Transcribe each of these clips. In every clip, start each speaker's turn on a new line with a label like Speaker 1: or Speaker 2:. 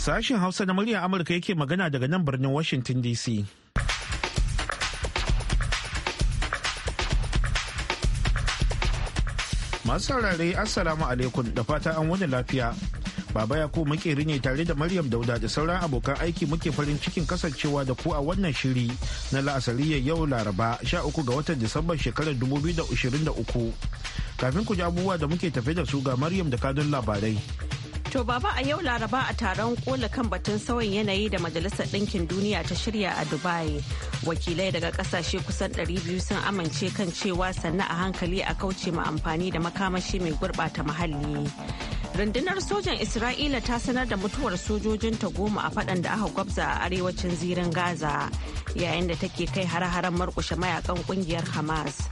Speaker 1: Sashen Hausa na muryar Amurka yake magana daga nan birnin Washington DC. Masu saurare Assalamu alaikum da fata an wani lafiya. Baba ya ko makeri ne tare da Maryam Dauda da sauran abokan aiki muke farin cikin kasancewa da ku a wannan shiri na la'asari yau Laraba 13 ga watan Disambar shekarar 2023. Kafin ku ji abubuwa da muke tafe da su ga Maryam da kadun labarai.
Speaker 2: To baba a yau laraba a taron kola kan batun sauyin yanayi da Majalisar Ɗinkin Duniya ta shirya a Dubai. Wakilai daga ƙasashe kusan 200 sun amince kan cewa sannu a hankali a kauce ma amfani da makamashi mai gurɓata muhalli. Rundunar sojan Isra'ila ta sanar da mutuwar sojojinta goma a faɗan da aka gwabza a arewacin zirin Gaza yayin da take kai hare-haren markushe mayakan ƙungiyar Hamas.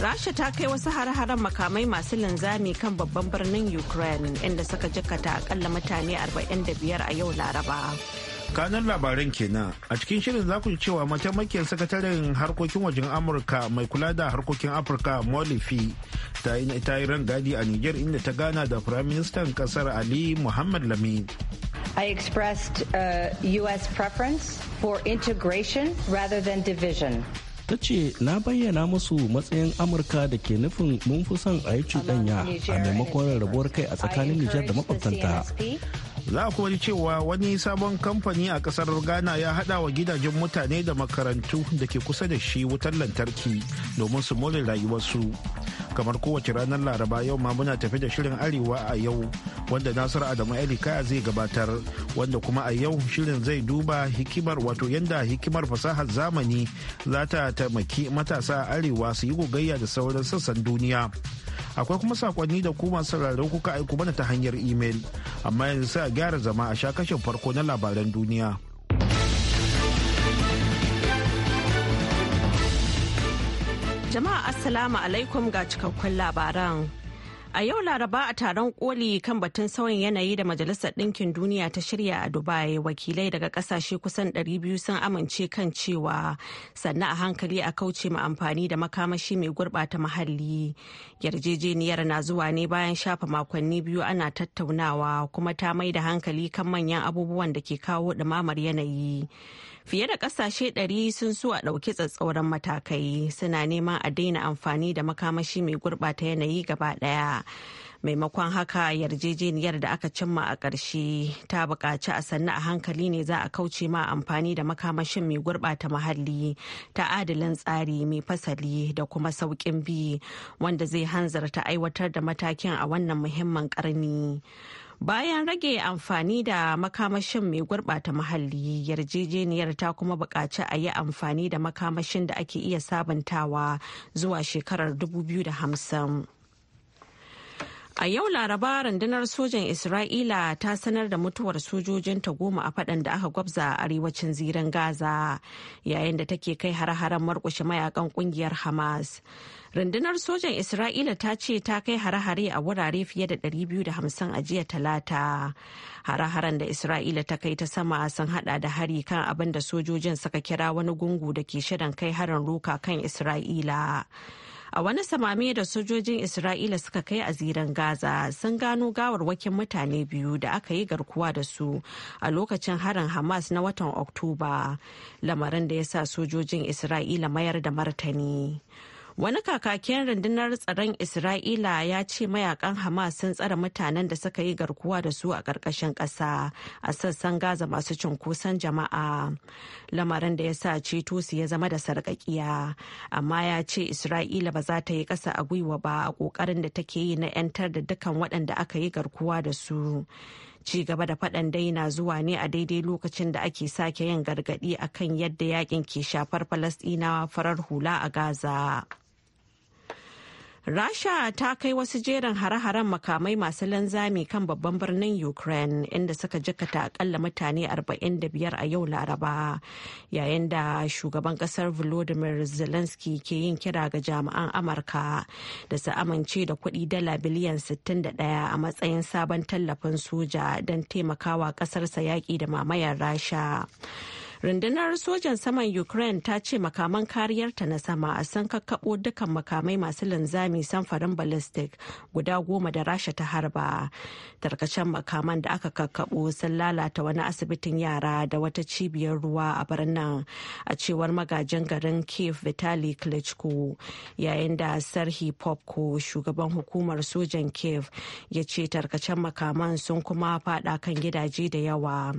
Speaker 2: rasha ta kai wasu hare-haren makamai masu linzami kan babban birnin ukraine inda suka jikata akalla mutane 45 a yau laraba
Speaker 1: kanan labaran kenan a cikin shirin za ji cewa mataimakiyar sakataren harkokin wajen amurka mai kula da harkokin afirka molifi ta yi rangadi a niger inda ta gana da firaministan kasar ali muhammad lami
Speaker 3: I expressed a uh, U.S. preference for integration rather than division.
Speaker 4: ta ce na bayyana musu matsayin amurka da ke nufin mun fi son a yi cuɗanya a maimakon rabuwar kai a tsakanin nijar da makwabtanta
Speaker 1: za kuma ji cewa wani sabon kamfani a kasar ghana ya hada wa gidajen mutane da makarantu da ke kusa da shi wutar lantarki domin su more rayuwarsu kamar kowace ranar laraba yau ma muna tafi da shirin arewa a yau wanda nasiru adamu elika zai gabatar wanda kuma a yau shirin zai duba hikimar wato yadda hikimar fasahar zamani za ta taimaki matasa a arewa su yi gogayya da sauran sassan duniya akwai kuma sakonni da kuma masu sauraro kuka aiko mana ta hanyar imel amma yanzu sai a gyara zama a sha kashin farko na labaran duniya
Speaker 2: jama'a assalamu alaikum ga cikakkun labaran A yau Laraba a taron koli kan batun sauyin yanayi da Majalisar Ɗinkin Duniya ta shirya a Dubai wakilai daga kasashe kusan 200 sun amince kan cewa sannan a hankali a kauce ma amfani da makamashi mai gurɓata muhalli. Yarjejeniyar na zuwa ne bayan shafa makonni biyu ana tattaunawa kuma ta mai da hankali kan manyan abubuwan da ke kawo ɗumamar yanayi. fiye da kasashe 100 sun so a ɗauki tsatsauran matakai suna neman a daina amfani da makamashi mai gurɓata yanayi gaba ɗaya maimakon haka yarjejeniyar da aka cimma a ƙarshe ta buƙaci a sannu a hankali ne za a kauce ma amfani da makamashin mai gurɓata muhalli ta adalin tsari mai fasali da kuma sauƙin bi wanda zai hanzarta aiwatar da matakin a wannan muhimmin ƙarni. bayan rage amfani da makamashin mai gurɓata muhalli yarjejeniyar ta kuma buƙaci a yi amfani da makamashin da ake iya sabantawa zuwa shekarar 2050 A yau Laraba rundunar sojan Isra'ila ta sanar da mutuwar sojojinta goma a faɗan da aka gwabza a arewacin zirin Gaza yayin da take kai har-haren markushe mayakan kungiyar Hamas. rundunar sojan isra'ila ta ce ta kai hare-hare a wurare fiye da 250 a jiya talata hare-haren da isra'ila ta kai ta sama sun hada da hari kan abin da sojojin suka kira wani gungu da ke shirin kai harin roka kan isra'ila a wani samami da sojojin isra'ila suka kai a ziran gaza sun gano gawarwakin mutane biyu da aka yi garkuwa da su a lokacin harin hamas na watan oktoba lamarin da ya sa sojojin isra'ila mayar da martani Wani kakakin rundunar tsaron Isra'ila ya ce mayakan Hamas sun tsare mutanen da suka yi garkuwa da su a ƙarƙashin ƙasa a sassan Gaza masu cunkoson jama'a. Lamarin da ya sa ceto su ya zama da sarƙaƙiya, amma ya ce Isra'ila ba za ta yi ƙasa a gwiwa ba a ƙoƙarin da take yi na 'yantar da dukkan waɗanda aka yi garkuwa da su. ci gaba da faɗan dai na zuwa ne a daidai lokacin da ake sake yin gargaɗi akan yadda yakin ke shafar falasɗinawa farar hula a gaza. Rasha ta kai wasu jerin hare-haren makamai masu linzami kan babban birnin Ukraine inda suka jikata akalla mutane 45 a yau Laraba yayin da shugaban kasar Volodymyr Zelensky ke yin kira ga jami'an Amurka da su amince da kuɗi dala biliyan 61 a matsayin sabon tallafin soja don taimakawa kasarsa yaƙi da mamayar Rasha. rundunar sojan saman ukraine ta ce makaman kariyarta na sama a san kakkaɓo dukkan makamai masu linzami samfarin ballistic guda goma da rasha ta harba tarkacen makaman da aka kakkaɓo sun lalata wani asibitin yara da wata cibiyar ruwa a birnin a cewar magajin garin kiev vitali klitschko yayin da sarhi popko shugaban hukumar sojan kiev ya ce tarkacen makaman sun kuma fada kan gidaje da yawa.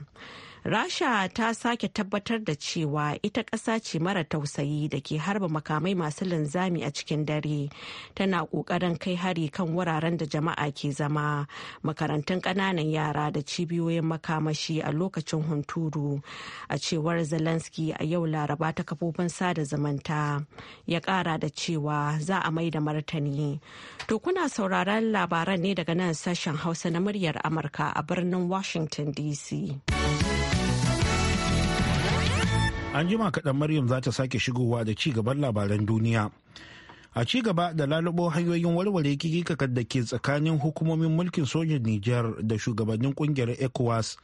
Speaker 2: Rasha ta sake tabbatar da cewa ita ƙasa ce mara tausayi da ke harba makamai masu linzami a cikin dare. Tana ƙoƙarin kai hari kan wuraren da jama'a ke zama, makarantun ƙananan yara da cibiyoyin makamashi a lokacin hunturu. A cewar Zelensky a yau Laraba ta kafofin sada zumunta ya ƙara da cewa za a mai da martani. To kuna sauraron labaran ne daga nan sashen Hausa na muryar Amurka a birnin Washington DC.
Speaker 1: An jima kaɗan Maryam za ta sake shigowa da ci gaban labaran duniya. A ci gaba da lalubo hanyoyin warware kikikakar da ke tsakanin hukumomin mulkin sojin Nijar da shugabannin kungiyar ECOWAS.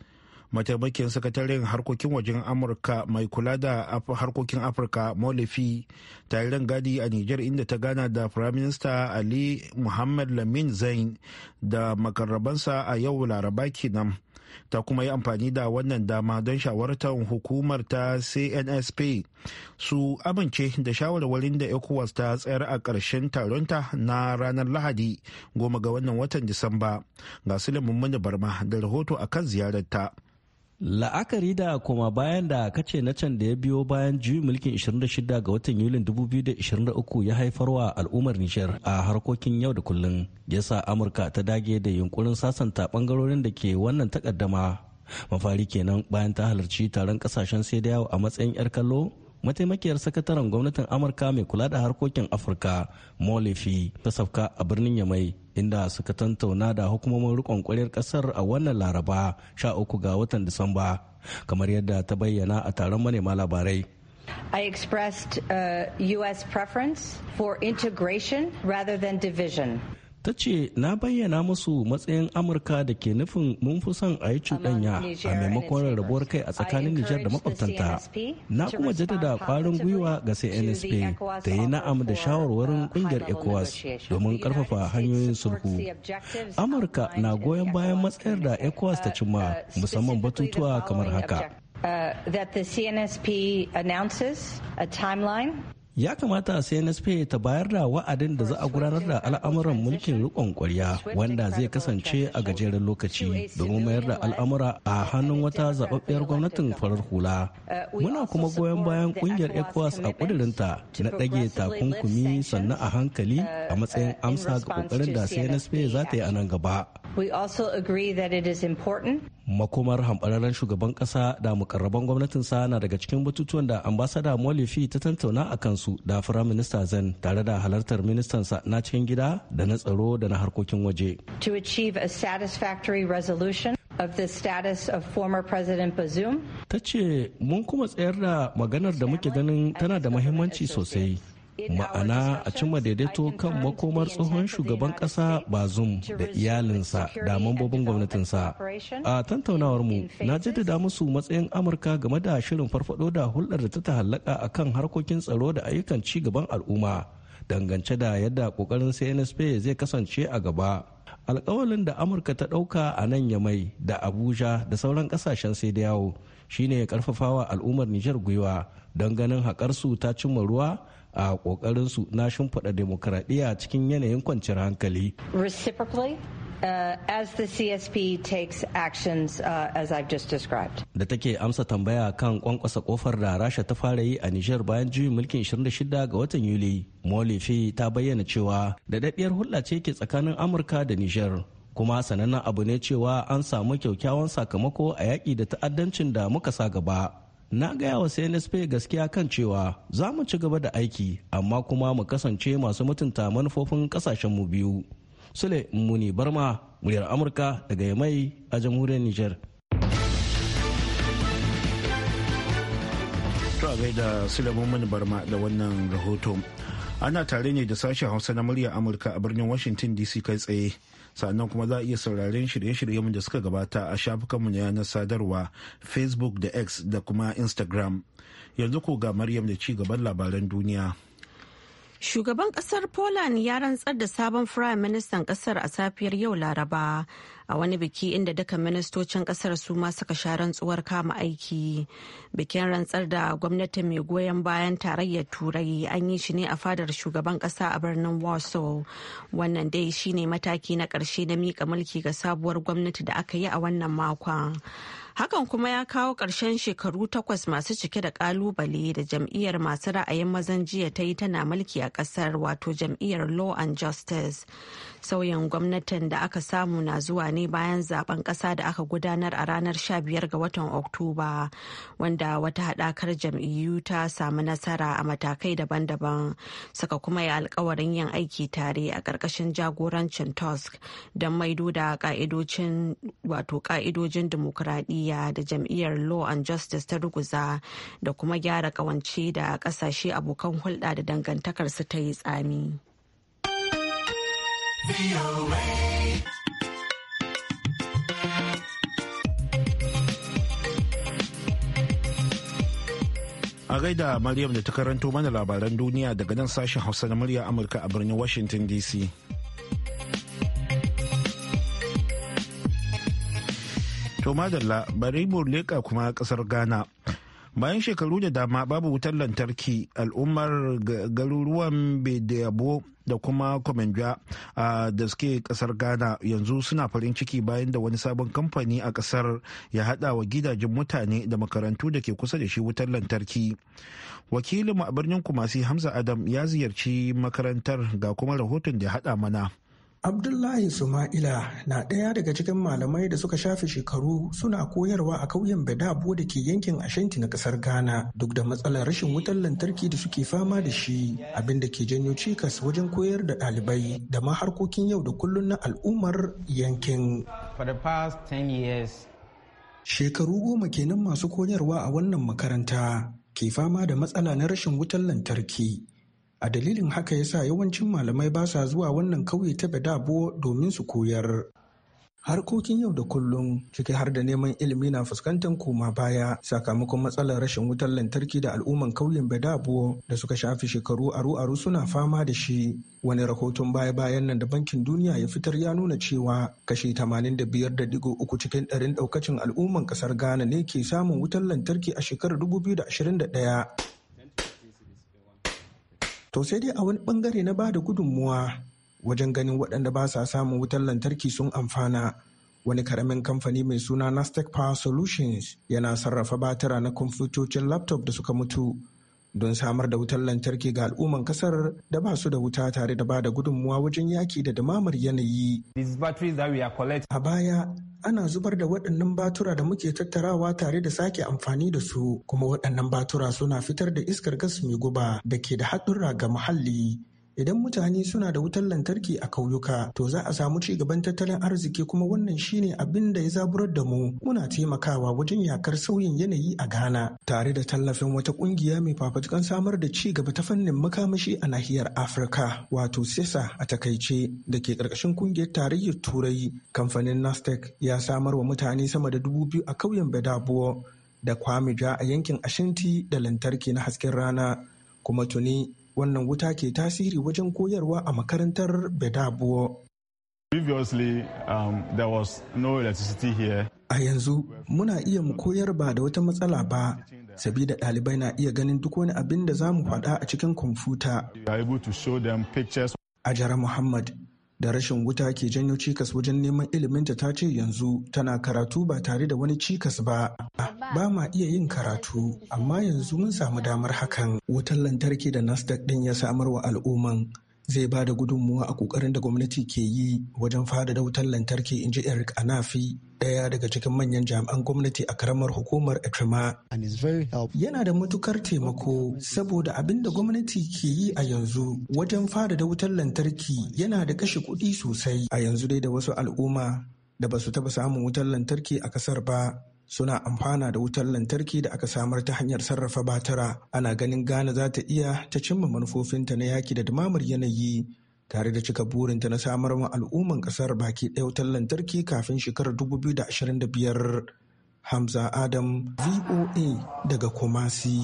Speaker 1: mataimakin sakataren harkokin wajen amurka mai kula da harkokin afirka molifi taron gadi a niger inda ta gana da prime minister ali muhammad lamin zain da makarrabansa a yau laraba kenan ta kuma yi amfani da wannan dama don shawartar hukumar ta cnsp su amince da shawarwarin da ecowas ta tsayar a ƙarshen taronta na ranar lahadi goma ga wannan watan disamba ga silimin barma da rahoto akan ziyararta.
Speaker 4: ziyararta La'akari da koma bayan da kace na can da ya biyo bayan juyin mulkin 26 ga watan Yulin 2023 ya haifar wa al'ummar Nijar a harkokin yau da kullum ya sa Amurka ta dage da yunkurin sasanta bangarorin da ke wannan takaddama. Mafari kenan bayan ta halarci taron kasashen sai da yawo a matsayin 'yar kallo mataimakiyar sakataren gwamnatin Amurka mai kula da harkokin Afirka Molefi ta safka a birnin Yamai inda suka tantauna da hukumomin rikon kwarar kasar a wannan laraba 13 ga watan disamba kamar yadda ta bayyana a taron manema labarai
Speaker 3: I expressed uh, U.S. preference for integration rather than division.
Speaker 4: ta ce na bayyana musu matsayin amurka da ke nufin mun fi son a yi cuɗanya a maimakon rarrabuwar kai a tsakanin nijar da makwabtanta na kuma jaddada kwarin gwiwa ga cnsp ta yi na'am da shawarwarin kungiyar ecowas domin karfafa hanyoyin sulhu amurka na goyon bayan matsayar da ecowas ta cimma uh, musamman batutuwa kamar haka
Speaker 3: Uh, that the CNSP announces a timeline
Speaker 4: ya kamata CNSP ta bayar da wa'adin da za a gudanar da al'amuran mulkin rikon kwarya wanda zai kasance a gajeren lokaci domin mayar da al'amura a hannun wata zababbiyar gwamnatin farar hula. Muna kuma goyon bayan kungiyar ECOWAS a kudurinta na ɗage takunkumi sannan a hankali a matsayin amsa ga kokarin da CNSP za ta yi a nan gaba. makomar hambararren shugaban kasa da mukarraban gwamnatinsa na daga cikin batutuwan da ambasada molifi ta tantauna a kansu da firaminista zan tare da halartar ministansa na cikin gida da na tsaro da na harkokin waje
Speaker 3: to achieve a satisfactory resolution of the status of former President Bazoum.
Speaker 4: Ta ce, mun kuma tsayar da maganar da muke ganin tana da mahimmanci sosai ma'ana a cimma daidaito kan makomar tsohon shugaban ƙasa bazum da iyalinsa da mambobin gwamnatinsa a tantaunawar mu na jaddada musu matsayin amurka game da shirin farfado da hulɗar da ta tahallaka a kan harkokin tsaro da ayyukan ci gaban al'umma dangance da yadda ƙoƙarin cnsp zai kasance a gaba alkawalin da amurka ta ɗauka a nan yamai da abuja da sauran ƙasashen sai da yawo shine karfafawa al'ummar nijar gwiwa don ganin haƙarsu ta cimma ruwa a ƙoƙarinsu na shimfiɗa demokuraɗiyya cikin yanayin kwanciyar hankali.
Speaker 3: Uh, as the CSP takes actions uh, as I've just described.
Speaker 4: Da take amsa tambaya kan kwankwasa kofar da Rasha ta fara yi a Nijar bayan juyin mulkin 26 ga watan Yuli, Molifi ta bayyana cewa daɗaɗɗiyar daɗiyar hulɗa ce ke tsakanin Amurka da Nijar. kuma sanannen abu ne cewa an samu kyaukyawan sakamako a yaƙi da ta'addancin da muka sa gaba na gaya wa CNSP gaskiya kan cewa za mu ci gaba da aiki amma kuma mu kasance masu mutunta manufofin kasashenmu biyu. Sule Muni Barma, muryar Amurka daga Yamai a jamhuriyar Nijar. Tuwa gaida Sule Muni
Speaker 1: Barma da wannan rahoto ana tare ne da sashen hausa na murya amurka a birnin washington dc kai tsaye sannan kuma za a iya sauraren shirye-shiryen da suka gabata a shafukanmu na yanar sadarwa facebook da x da kuma instagram yanzu ko ga maryam da ci gaban labaran duniya
Speaker 2: shugaban kasar poland ya rantsar da sabon firayim ministan kasar a safiyar yau laraba a wani biki inda duka ministocin kasar su ma suka sha rantsuwar kama aiki bikin rantsar da gwamnati mai goyon bayan tarayyar turai an yi shi ne a fadar shugaban kasa a birnin warsaw wannan dai shine mataki na karshe na mika mulki ga sabuwar gwamnati da aka yi a wannan makon hakan kuma ya kawo ƙarshen shekaru takwas masu cike da ƙalubale da jam'iyyar masu ra'ayin mazan jiya ta yi tana mulki a ƙasar wato jam'iyyar law and justice sauyin gwamnatin da aka samu na zuwa ne bayan zaben kasa da aka gudanar a ranar 15 ga watan oktoba wanda wata haɗakar jam'iyyu ta samu nasara a matakai daban-daban suka kuma yi alkawarin yin aiki tare a ƙarƙashin jagorancin tusk don maido da ka'idojin wato dimokuraɗiyya da jam'iyyar law and justice ta ruguza da kuma gyara ƙawance da ƙasashe abokan hulɗa da dangantakarsu ta yi tsami. A
Speaker 1: gaida Maryam da ta karanto mana labaran duniya daga nan sashen Hausa na murya Amurka a birnin Washington DC. To madalla bari mu leka kuma kasar Ghana bayan shekaru da dama babu wutar lantarki al'ummar garuruwan bediyabo da kuma komenja da suke kasar ghana yanzu suna farin ciki bayan da wani sabon kamfani a kasar ya hada wa gidajen mutane da makarantu da ke kusa da shi wutar lantarki wakilin a birnin kumasi hamza adam ya ziyarci makarantar ga kuma rahoton da ya hada mana
Speaker 5: Abdullahi Suma'ila na ɗaya daga cikin malamai da suka shafe shekaru suna koyarwa a kauyen Badabo da ke yankin Ashanti na ƙasar Ghana duk da matsalar rashin wutar lantarki da suke fama da shi abin da ke janyo cikas wajen koyar da ɗalibai da ma harkokin yau da kullun na al'ummar yankin. Shekaru goma kenan masu koyarwa a wannan makaranta ke fama da matsala na rashin wutar lantarki. a dalilin haka ya sa yawancin malamai ba sa zuwa wannan kauye ta badabo domin su koyar harkokin yau da kullum ciki har da neman ilimi na fuskantar koma baya sakamakon matsalar rashin wutar lantarki da al'umman kauyen bedabo da suka shafi shekaru aru-aru suna fama da shi wani rahoton baya-bayan nan da bankin duniya ya fitar ya nuna cewa kashi 85.3 cikin ɗarin ɗaukacin al'umman ƙasar ghana ne ke samun wutar lantarki a shekarar 2021 To sai dai a wani bangare na bada gudunmuwa wajen ganin waɗanda ba sa samun wutar lantarki sun amfana. Wani karamin kamfani mai suna Nastec Power Solutions yana sarrafa batira na kwamfutocin laptop da suka mutu don samar da wutar lantarki ga al'umman kasar da ba su da wuta tare da bada da gudunmuwa wajen yaki da damamar yanayi. A baya ana zubar da waɗannan batura da muke tattarawa tare da sake amfani da su kuma waɗannan batura suna fitar da iskar gas mai guba da ke da haɗurra ga muhalli idan mutane suna da wutar lantarki a kauyuka to za a samu ci gaban tattalin arziki kuma wannan shine abin da ya zaburar da mu muna taimakawa wajen yakar sauyin yanayi a Ghana tare da tallafin wata kungiya mai fafutukan samar da ci gaba ta fannin makamashi a nahiyar Afirka wato SESA a takaice da ke karkashin kungiyar tarayyar Turai kamfanin Nasdaq ya samar wa mutane sama da dubu biyu a kauyen badabuo da Kwamija a yankin Ashinti da lantarki na hasken rana kuma tuni wannan wuta ke tasiri wajen koyarwa a makarantar bedabuwa Previously, um, there
Speaker 1: was no electricity here.
Speaker 5: A yanzu muna iya mu koyar ba da wata matsala ba, sabida ɗalibai na iya ganin duk wani abin da za mu faɗa a cikin kwamfuta. A Jara Muhammad da rashin wuta ke janyo cikas wajen neman iliminta ta ce yanzu tana karatu ba tare da wani cikas ba ba ma iya yin karatu amma yanzu mun samu damar hakan wutar lantarki da nasdaq ɗin ya samar wa al'umman zai ba da gudunmuwa a kokarin da gwamnati ke yi wajen da wutar lantarki in ji Eric Anafi daya daga cikin manyan jami'an gwamnati a karamar hukumar Etrima. Yana da matukar taimako saboda abin da gwamnati ke yi a yanzu wajen fadada wutar lantarki yana da kashe kuɗi sosai a yanzu dai da wasu al'umma da ba su taɓa samun wutar lantarki a kasar ba suna amfana da wutar lantarki da aka samar ta hanyar sarrafa batara ana ganin ghana za ta iya ta cimma manufofinta na yaki da dumamar yanayi tare da cika burinta na samar wa al'umman kasar baki ɗaya wutar lantarki kafin shekarar 2025 hamza adam voa daga kumasi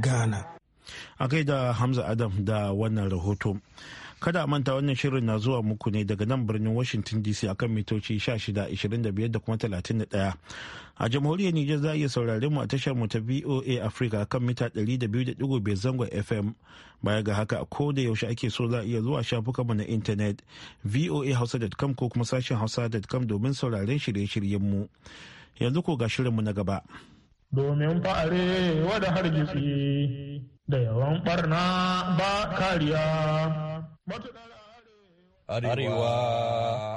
Speaker 5: ghana
Speaker 1: a da hamza adam da wannan rahoto kada a manta wannan shirin na zuwa muku ne daga nan birnin washington dc akan mitoci 16 da kuma 31 a jamhuriyar nijar za a iya saurare mu a tashar mu ta voa africa akan mita 200.5 zangon fm baya ga haka ko da yaushe ake so za a iya zuwa shafukanmu na intanet voahausa.com ko kuma sashen hausa.com domin sauraren shirye-shiryen mu yanzu ko ga shirin mu na gaba domin fa'are wada hargitsi da yawan barna ba kariya.
Speaker 6: Arewa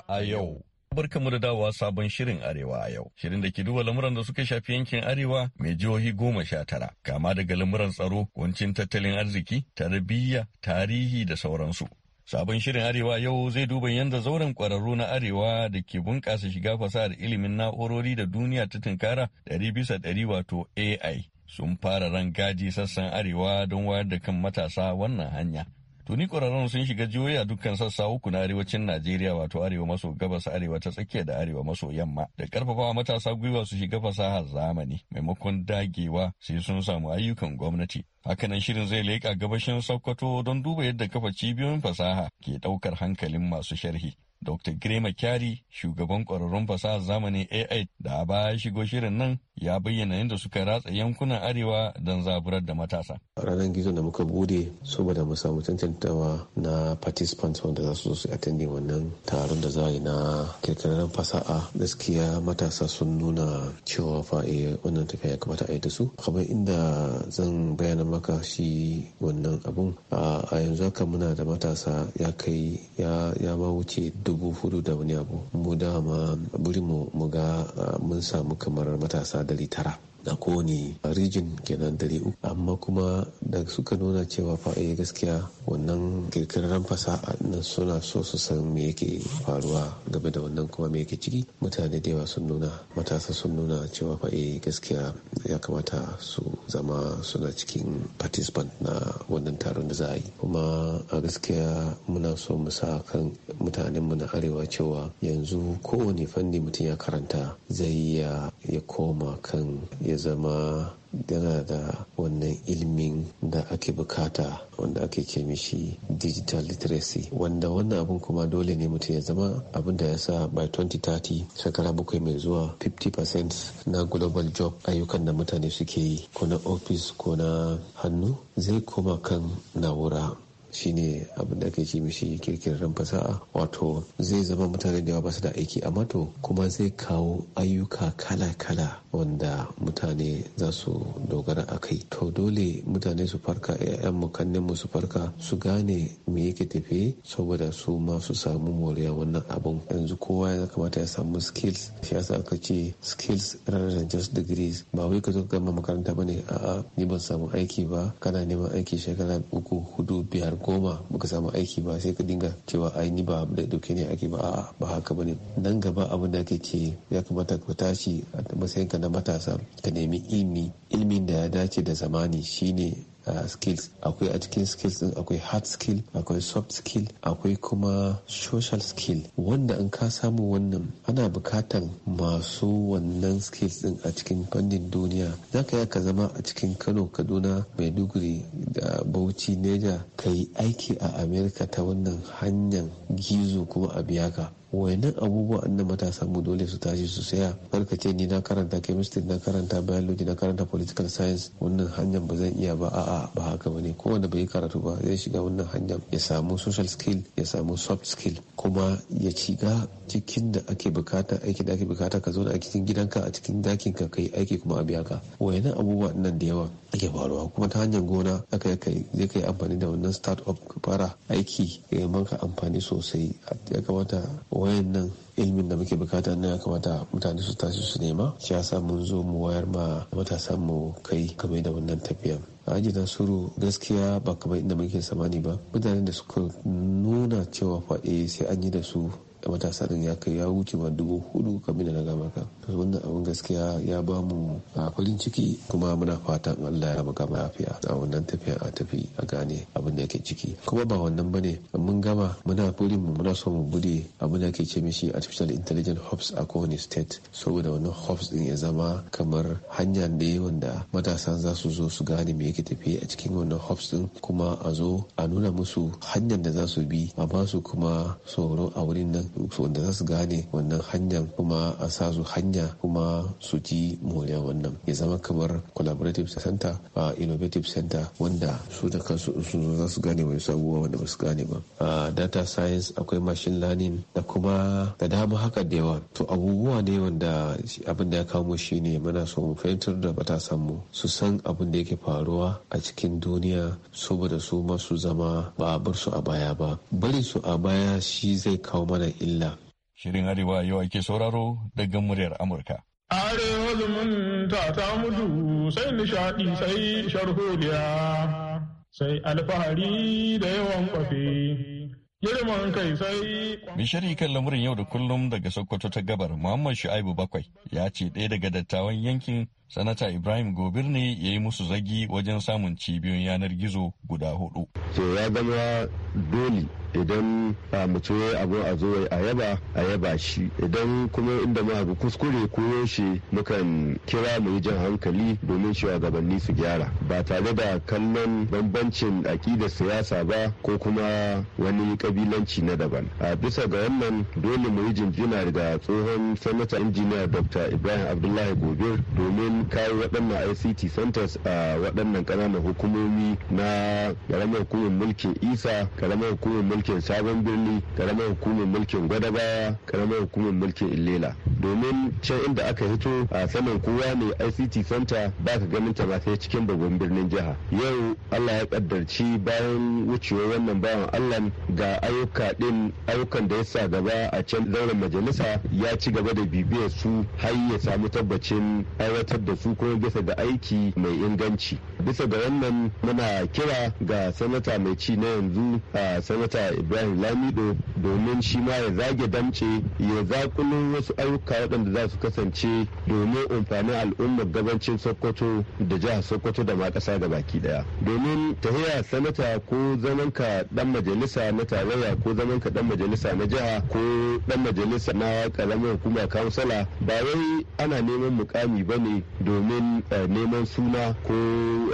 Speaker 6: a yau. barka mu da dawowa sabon shirin Arewa a yau. Shirin da ke duba lamuran da suka shafi yankin Arewa mai jihohi goma sha tara, kama daga lamuran tsaro, wancin tattalin arziki, tarbiyya, tarihi da sauransu. Sabon shirin Arewa yau zai duba yadda zauren kwararru na Arewa da ke bunƙasa shiga fasahar ilimin na'urori da duniya ta tunkara ɗari bisa ɗari wato AI sun fara rangaji sassan Arewa don wayar da kan matasa wannan hanya. Tuni ƙwararrun sun shiga jihohi a dukkan sassa uku na arewacin Najeriya wato arewa maso gabas arewa ta tsakiya da arewa maso yamma da ƙarfafawa matasa gwiwa su shiga fasahar zamani maimakon dagewa sai sun samu ayyukan gwamnati. Hakanan shirin zai leƙa gabashin Sokoto don duba yadda kafa cibiyoyin fasaha ke ɗaukar hankalin masu sharhi. Dr. Grema Kyari, shugaban ƙwararrun fasahar zamani AI da a ya shigo shirin nan ya bayyana yadda suka ratsa yankunan arewa don zaburar da matasa.
Speaker 7: Ranar gizo da muka bude saboda mu samu tantantawa na participants wanda za su zo su attending wannan taron da za a yi na kirkirarren fasa'a gaskiya matasa sun nuna cewa fa eh, wannan tafiya ya kamata a yi da su. Kamar inda zan bayyana maka shi wannan abun a yanzu haka muna da matasa ya kai ya ma wuce dubu hudu da wani abu. Mu dama biri mu ga mun samu kamar matasa ɗari tara a kowane rijin kenan dare uku amma kuma da suka nuna cewa fa eh gaskiya wannan kirkirar fasaha nan suna so su san me yake faruwa game da wannan kuma me yake ciki mutane da yawa sun nuna matasa sun nuna cewa fa eh gaskiya ya kamata su zama suna cikin participant na wannan taron da za a yi kuma a gaskiya muna so mu sa kan mutanenmu na arewa cewa yanzu kowane fanni mutum ya karanta zai iya ya koma kan ya zama yana da wannan ilimin da ake bukata wanda ake ke mishi digital literacy wanda wannan abun kuma dole ne mutum ya zama abin da ya sa by 2030 shekara bakwai mai zuwa 50% na global job ayyukan da mutane suke yi ko na ofis ko na hannu zai koma kan na'ura shine abin da ake ce mishi kirkirar fasaha wato zai zama mutane da yawa ba su da aiki amma to kuma zai kawo ayyuka kala-kala wanda mutane za su dogara a kai to dole mutane su farka 'ya'yan mukannin mu su farka su gane me yake tafe saboda su ma su samu moriya wannan abin yanzu kowa ya kamata ya samu skills shi yasa aka ce skills rather than just degrees ba wai ka zo gama makaranta bane a'a ni ban samu aiki ba kana neman aiki shekara uku hudu biyar koma muka samu aiki ba sai ka dinga cewa ai ni ba da dauke ne ake ba a'a ba haka bane nan gaba abin da kake ya kamata ka tashi a matsayinka na matasa ka nemi ilimi ilimin da ya dace da zamani shine Uh, skills akwai a cikin skills din akwai hard skill akwai soft skill akwai kuma social skill wanda in ka samu wannan ana bukatan masu wannan skills din a cikin fannin duniya za ka ka zama a cikin kano kaduna maiduguri da bauchi neja ka yi aiki a america ta wannan hanyar gizo kuma a biyaka wayannan abubuwan da matasa mu dole su tashi su saya ce ni na karanta chemistry na karanta biology na karanta political science wannan hanyar ba zan iya ba a'a ba haka bane wanda bai karatu ba zai shiga wannan hanyar ya samu social skill ya samu soft skill kuma ya shiga cikin da ake bukata aiki da ake bukata ka zo a cikin gidanka a cikin dakin ka kai aiki kuma a biya ka wayannan abubuwa nan da yawa ake faruwa kuma ta hanyar gona aka kai zai kai amfani da wannan start up fara aiki ya manka amfani sosai ya kamata wayannan ilimin da muke bukata na ya kamata mutane su tashi su nema shi yasa mun zo mu wayar ma matasan mu kai game da wannan tafiya aji suru gaskiya ba kamar inda muke samani ba mutanen da suka nuna cewa fae eh, sai an yi da su matasa din ya kai ya wuce ba dubu hudu kamin da na gama ka. wannan abin gaskiya ya ba mu farin ciki kuma muna fatan Allah ya baka lafiya a wannan tafiya a tafi a gane abin da yake ciki kuma ba wannan bane mun gama muna burin mu muna so mu bude abin da yake ce mishi artificial intelligence hubs a kowane state saboda wannan hubs din ya zama kamar hanya ne wanda matasa za su zo su gane me yake tafiya a cikin wannan hubs din kuma a zo a nuna musu hanyar da za su bi a ba su kuma tsoro a wurin nan wanda za su gane wannan hanyar kuma a sa su hanya kuma su ji moriyar wannan ya zama kamar collaborative center a innovative center wanda su da kansu su za su gane wani sabuwa wanda ba su gane ba data science akwai machine learning da kuma da dama haka da yawa to abubuwa ne wanda abin da ya kamo shi ne muna so mu fahimtar da ba ta san mu su san abin da yake faruwa a cikin duniya saboda su masu zama ba a bar su a baya ba bari su a baya shi zai kawo mana illa. Shirin Arewa yau ake sauraro daga muryar Amurka.
Speaker 1: Arewa zumunta ta mudu sai nishaɗi sai sharholiya sai alfahari da yawan kwafe. Girman kai sai.
Speaker 6: Bishari kan lamurin yau da kullum daga Sokoto ta gabar Muhammad Shu'aibu Bakwai ya ce ɗaya daga dattawan yankin sanata ibrahim gobir ne ya yi musu zagi wajen samun cibiyoyin yanar gizo guda
Speaker 8: hudu so ya zama dole idan a mutu ya abu a zo a yaba a yaba shi idan kuma inda muka ga kuskure ko yaushe mukan kira mu yi jan hankali domin shugabanni su gyara ba tare da kallon bambancin aƙidar siyasa ba ko kuma wani kabilanci na daban a bisa ga wannan dole mu yi jinjina daga tsohon sanata injiniya dr ibrahim abdullahi gobir domin an kawo waɗannan ict centers a waɗannan ƙananan hukumomi na ƙaramar hukumar mulkin isa ƙaramar hukumar mulkin sabon birni ƙaramar hukumar mulkin gwadabawa ƙaramar hukumar mulkin illela domin can inda aka hito a saman kowa ne ict center ba ka ganin ta ba sai cikin babban birnin jiha yau allah ya kaddarci bayan wucewar wannan bawan allah ga ayyuka din ayyukan da ya sa gaba a can zauren majalisa ya ci gaba da bibiyar su har ya samu tabbacin aiwatar da su kuma bisa ga aiki mai inganci bisa ga wannan muna kira ga sanata mai ci na yanzu a sanata ibrahim lamido domin shi ma ya zage damce ya zakulun wasu ayyuka ayyuka waɗanda za su kasance domin amfanin al'ummar gabancin sokoto da jihar sokoto da ma ƙasa da baki ɗaya domin ta tahiya sanata ko zaman ka ɗan majalisa na tarayya ko zaman ka ɗan majalisa na jiha ko ɗan majalisa na ƙaramin hukuma kansala ba wai ana neman mukami ba ne domin eh, neman suna ko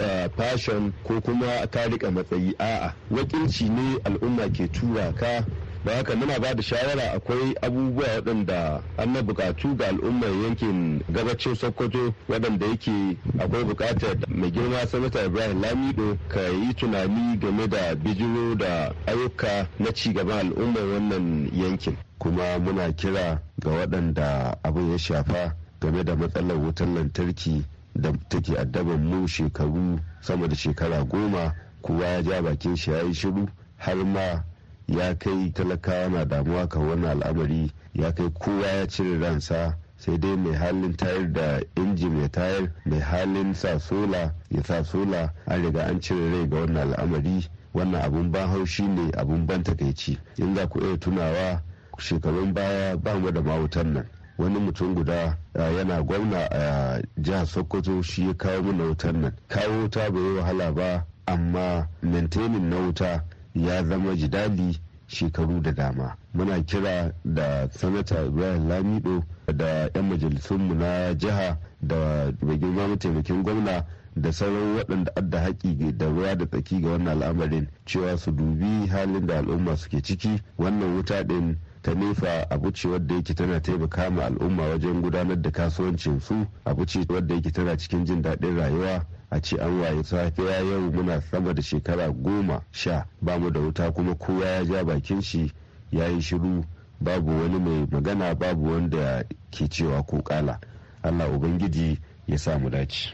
Speaker 8: eh, fashion ko kuma ka riƙa matsayi a'a wakilci ne al'umma ke tura ka da haka muna ba da shawara akwai abubuwa waɗanda an na buƙatu ga al'ummar yankin gabacin sokoto waɗanda yake akwai buƙatar mai girma sanata ibrahim lamido ka yi tunani game da bijiro da ayyuka na ci al'ummar wannan yankin kuma muna kira ga waɗanda abin ya shafa game da matsalar wutar lantarki da take addaban mu shekaru sama da shekara goma kowa ya ja bakin shi ya yi shiru har ma ya kai talakawa na damuwa kan wannan al'amari ya kai kowa ya cire ransa sai dai mai halin tayar da inji mai tayar mai halin sa sola ya sa sola an riga an cire rai ga wannan al'amari wannan abun ban haushi ne abun ban takaici in za ku iya tunawa shekarun baya ba mu da mawutan nan wani mutum guda yana gwamna a jihar sokoto shi ya kawo mana wutan nan kawo wuta bai yi wahala ba amma maintaining na wuta ya zama jidali shekaru da dama muna kira da sanata bayan lamido da 'yan majalisunmu na jiha da bagin girma mataimakin gwamna da sauran waɗanda adda haƙi da ruwa da tsaki ga wannan al'amarin cewa su dubi halin da al'umma suke ciki wannan wuta ɗin ta nefa abu ce wadda yake tana taimaka ma al'umma wajen gudanar da kasuwancinsu su abu ce wadda yake tana cikin jin daɗin rayuwa a ce an waye safiya yau muna sama da shekara goma sha ba mu da wuta kuma kowa ya ja bakin shi ya yi shiru babu wani mai magana babu wanda ke cewa ko kala allah ubangiji ya sa mu dace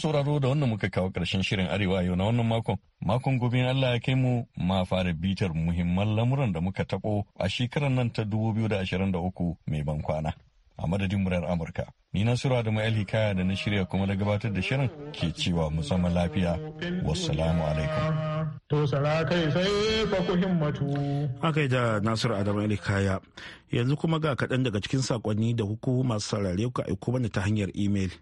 Speaker 6: sauraro da wannan muka kawo karshen shirin arewa yau na wannan makon makon gobe allah ya kai mu ma fara bitar muhimman lamuran da muka taɓo a shekarar nan ta 2023 mai ban kwana a madadin murar Amurka. Ni Nasiru Adamu El Hikaya da na shirya kuma da gabatar da shirin ke cewa musamman lafiya. Wassalamu alaikum.
Speaker 1: To kai sai fa ku himmatu. Akai da Nasiru Adamu Ali Hikaya. Yanzu kuma ga kaɗan daga cikin saƙonni da hukumar sarare ku aiko mana ta hanyar imel.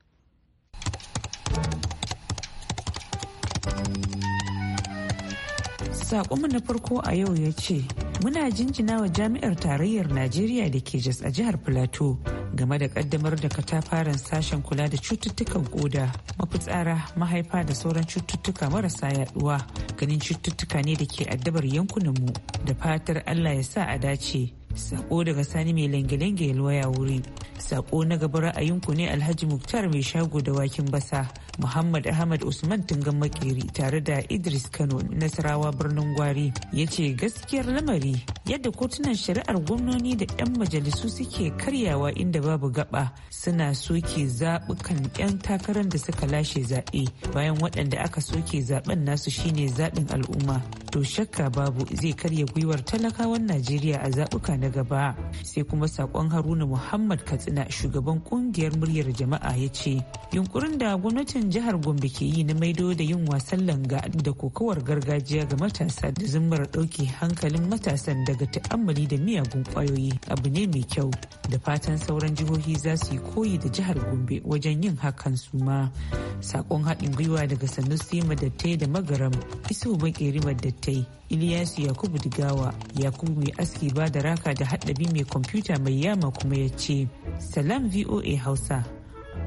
Speaker 9: Sakonmu na farko a yau ya ce, Muna jinjina wa jami'ar tarayyar Najeriya da ke jas a jihar Filato game da kaddamar da katafaren sashen kula da cututtukan koda, mafitsara, mahaifa da sauran cututtuka marasa yaduwa ganin cututtuka ne da ke addabar yankunanmu da fatar Allah ya sa a dace. sako daga sani mai lange-lange loya wuri sako na gaba ra'ayinku ne alhaji muktar mai shago da wakin basa muhammad ahmad usman tungan makeri tare da idris kano nasarawa birnin gwari ya ce gaskiyar lamari yadda kotunan shari'ar gwamnoni da 'yan majalisu suke karyawa inda babu gaba suna soke zaɓukan 'yan takarar da suka lashe zaɓe bayan waɗanda aka soke zaɓen nasu shine zaɓin al'umma to shakka babu zai karya gwiwar talakawan najeriya a zaɓuka na gaba sai kuma sakon haruna muhammad katsina shugaban kungiyar muryar jama'a ya ce yunkurin da gwamnatin jihar gombe ke yi na maido da yin wasan langa da kokawar gargajiya ga matasa da zummar ɗauke hankalin matasan daga ta'ammali da miyagun kwayoyi abu ne mai kyau da fatan sauran jihohi za su yi koyi da jihar gombe wajen yin hakan su ma sakon haɗin gwiwa daga sanusi madattai da magaram iso bakeri madattai yi iliyasu yakubu digawa yakubu mai aski ba da raka da haɗabi mai kwamfuta mai yama kuma ya ce salam voa hausa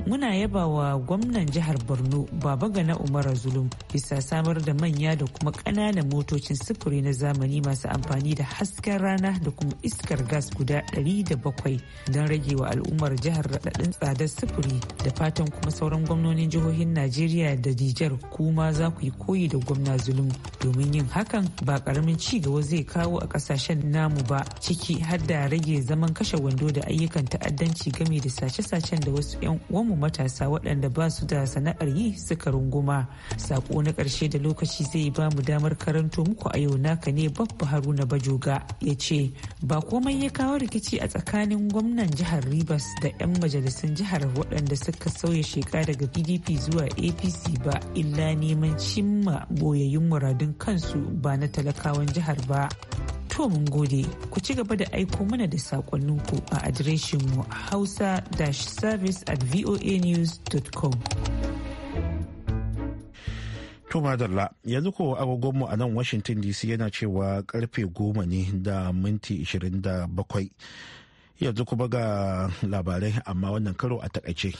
Speaker 9: muna yaba wa gwamnan jihar borno baba gana umara zulum bisa samar da manya da kuma ƙananan motocin sufuri na zamani masu amfani da hasken rana da kuma iskar gas guda 700 don rage wa al'ummar jihar raɗaɗin tsadar sufuri da fatan kuma sauran gwamnonin jihohin najeriya da dijar kuma za ku yi koyi da gwamna zulum domin yin hakan ba ƙaramin ci gaba zai kawo a ƙasashen namu ba ciki har da rage zaman kashe wando da ayyukan ta'addanci game da sace-sacen da wasu 'yan uwa goma matasa waɗanda ba su da sana'ar yi suka runguma sako na ƙarshe da lokaci zai ba mu damar karanto muku a yau naka ne babba haruna bajoga ya ce ba komai ya kawo rikici a tsakanin gwamnan jihar rivers da 'yan majalisun jihar waɗanda suka sauya sheka daga pdp zuwa apc ba illa neman cimma boyayyun muradun kansu ba na talakawan jihar ba To mun gode, ku ci gaba da aiko mana da saƙonninku a adireshinmu hausa-service at voanews.com.
Speaker 1: To madalla yanzu ko agogonmu a nan Washington DC yana cewa karfe goma ne da minti 27 yanzu kuma ga labarai amma wannan karo a takaice.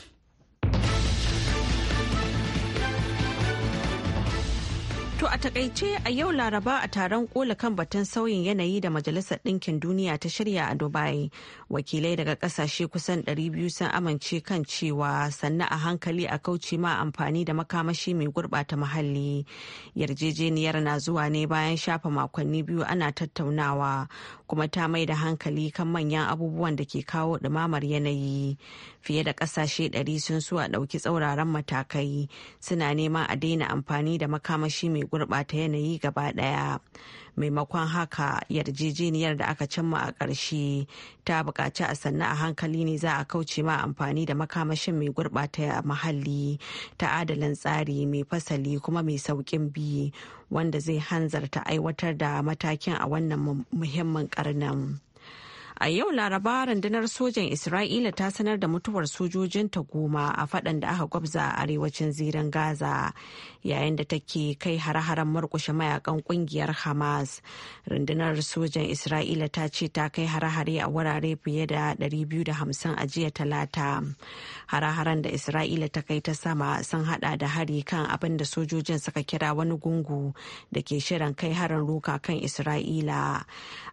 Speaker 2: To a takaice a yau Laraba a taron kola kan batun sauyin yanayi da Majalisar Ɗinkin Duniya ta shirya a Dubai. Wakilai daga ƙasashe kusan 200 sun amince kan cewa sannan a hankali a kauce ma amfani da makamashi mai gurɓata muhalli. Yarjejeniyar na zuwa ne bayan shafa makonni biyu ana tattaunawa kuma ta mai da hankali kan manyan abubuwan da ke kawo ɗumamar yanayi fiye da ƙasashe ɗari sun so a ɗauki tsauraran matakai suna nema a daina amfani da makamashi mai gurɓata yanayi gaba ɗaya maimakon haka yarjejeniyar da aka cimma a ƙarshe ta buƙaci a sannu a hankali ne za a kauce ma amfani da makamashin mai gurɓata muhalli ta adalin tsari mai fasali kuma mai sauƙin bi wanda zai hanzarta aiwatar da matakin a wannan muhimmin ƙarnin. A yau laraba rundunar sojan Isra'ila ta sanar da mutuwar sojojinta goma a faɗan da aka gwabza a arewacin zirin Gaza yayin da take kai hare-haren murkushe mayakan kungiyar Hamas. Rundunar sojan Isra'ila ta ce ta kai hare a wurare fiye da 250 a jiya talata. Hare-haren da Isra'ila ta kai ta sama sun hada da hari kan abin da sojojin suka kira wani gungu da ke shirin kai harin roka kan Isra'ila.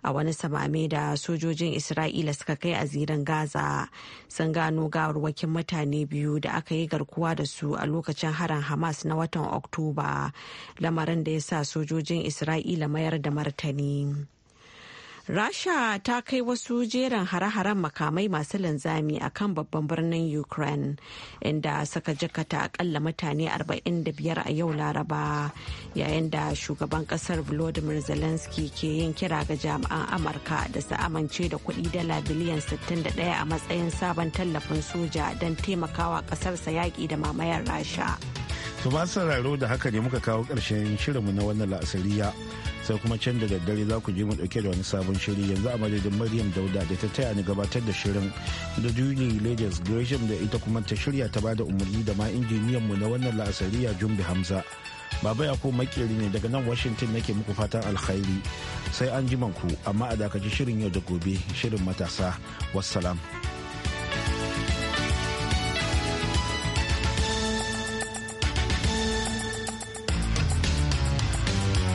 Speaker 2: A wani samame da sojojin Isra'ila suka kai a zirin Gaza sun gano gawarwakin mutane biyu da aka yi garkuwa da su a lokacin harin Hamas na watan Oktoba, lamarin da ya sa sojojin Isra'ila mayar da martani. Rasha ta kai wasu jeran hare-haren makamai masu linzami a kan babban birnin Ukraine inda suka jikata akalla mutane 45 a yau Laraba yayin da shugaban kasar Volodymyr Zelensky ke yin kira ga jami'an Amurka da su amince da kuɗi dala biliyan 61 a matsayin sabon tallafin soja don taimakawa ƙasarsa yaƙi da mamayar Rasha.
Speaker 1: su masu sauraro da haka ne muka kawo ƙarshen shirinmu na wannan la'asariya sai kuma can da daddare za ku je mu dauke da wani sabon shiri yanzu a madadin maryam dauda da ta taya ni gabatar da shirin da julie ladies gresham da ita kuma ta shirya ta bada umarni da ma injiniyan mu na wannan la'asariya jumbi hamza baba ya ko makeri ne daga nan washington nake muku fatan alkhairi sai an ji ku amma a dakaci shirin yau da gobe shirin matasa wassalam.